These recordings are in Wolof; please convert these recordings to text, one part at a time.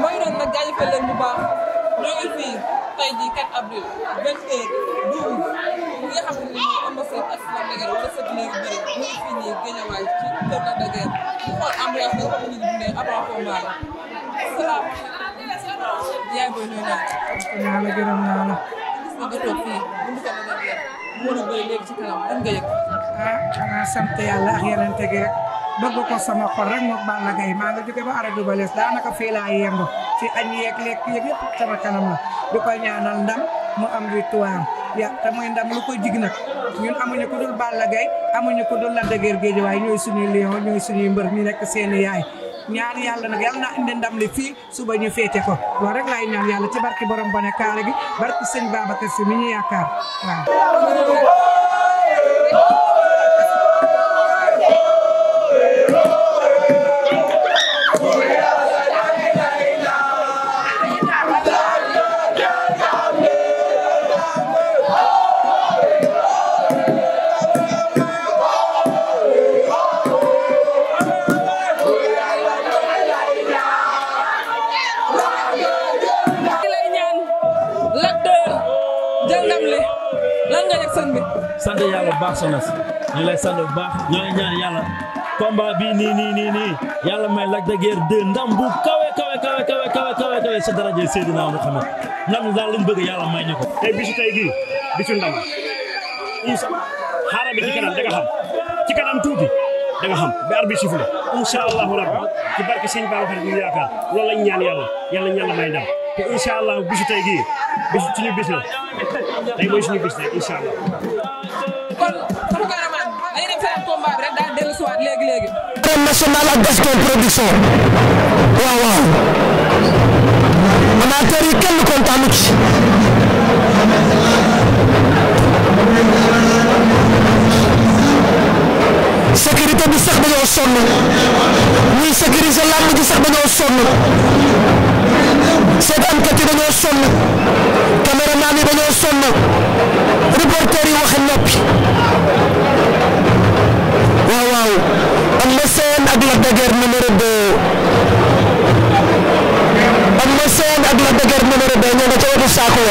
mooy doon nag jaajëfal leen bu baax ñoo ngi jii 4 avril 20 heures 12 ñi nga xam ne mooy ambassade ak Slam de Guerre wala sët léegi bëri ñu ngi fii ci kër Lac de Guerre ñu xool ambiance nga xam ne ñu dundee avant combat salaamaaleykum yaay booy ñëw naa la. la naa la. gis nga ah, sant yàlla ak tege bëgg ko sama xol rek moom Balla maa nga jóge ba arrêté ba les daanaka fii laa yëngu añ yeeg lekk yeeg sama kanam la di ko ñaanal ndam mu am wi victoire ya te ndam lu ko jig nag ñun amuñu ko dul Balla Gaye amuñu ko dul la dëgër géej waaye ñooy suñuy lion ñooy suñuy mbër ñu nekk seeni yaay ñaan yàlla nag yàlla na indi ndam li fii suba ñu féete ko loolu rek laay ñaan yàlla ci barki borom bone kaare gi barki sëñ Babacar Si mi ñu yaakaar waaw soxna si ñu lay sant bu baax ñoo ñaan yàlla combat bi nii nii nii nii yàlla may Lac de Guiers 2 ndam bu kawe kawe kawe kawe kawe kawe kawe sa daraje Seydina Muhammad ndam li bëgg yàlla may ñu ko tey bisu gii bisu ndam insa bi ci kanam da nga xam ci kanam tuuti da nga xam ba arbitre sifflé incha allahu rabbi ci barke sëñ Ba waxee ñu yaakaar loolu lañ ñaan yàlla yàlla ñaan la may ndam te gii bisu suñu bis la tey mooy suñu bis la combat bi rek daal dellu si waat léegi léegi. arène nationale ak Gaston production waaw waaw amateur yi kenn kontaanu ci. sécurité bi sax dañoo sonn ñuy sécuriser làmb ji sax dañoo sonn seetaankat yi dañoo waaw waaw Eumeu Sène ak Lac de Guiers numéro 2 Eumeu Sène ak Lac de Guiers numéro 2 ñoo nga ca wetu saako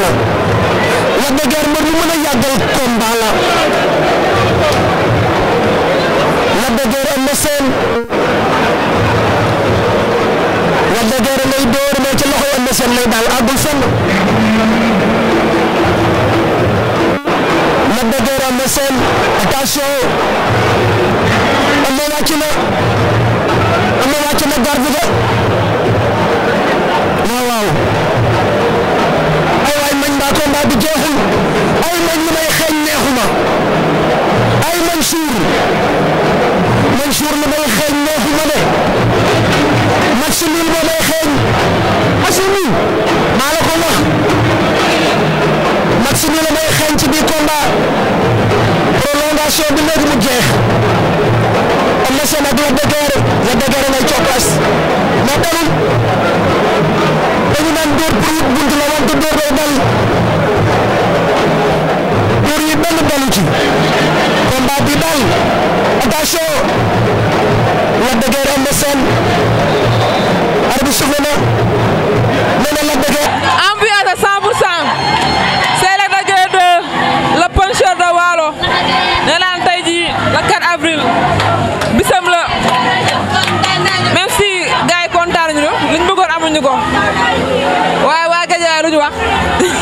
la Lac de Guiers mbër mu mën a yàggal combat la Lac de Guiers am na seen Lac de Guiers ngay dóor mais ci loxo am combat prolongation bi léegi mu jeex am na ak la dëgër la dëgër ngay coppas ma dalul dañu naan dóor pour la wante dóor day yi benn dalu ci combat bi dal attention la dëgër am na seen arbitre souffle na ko waaye waa Guédiawaye lu ñu wax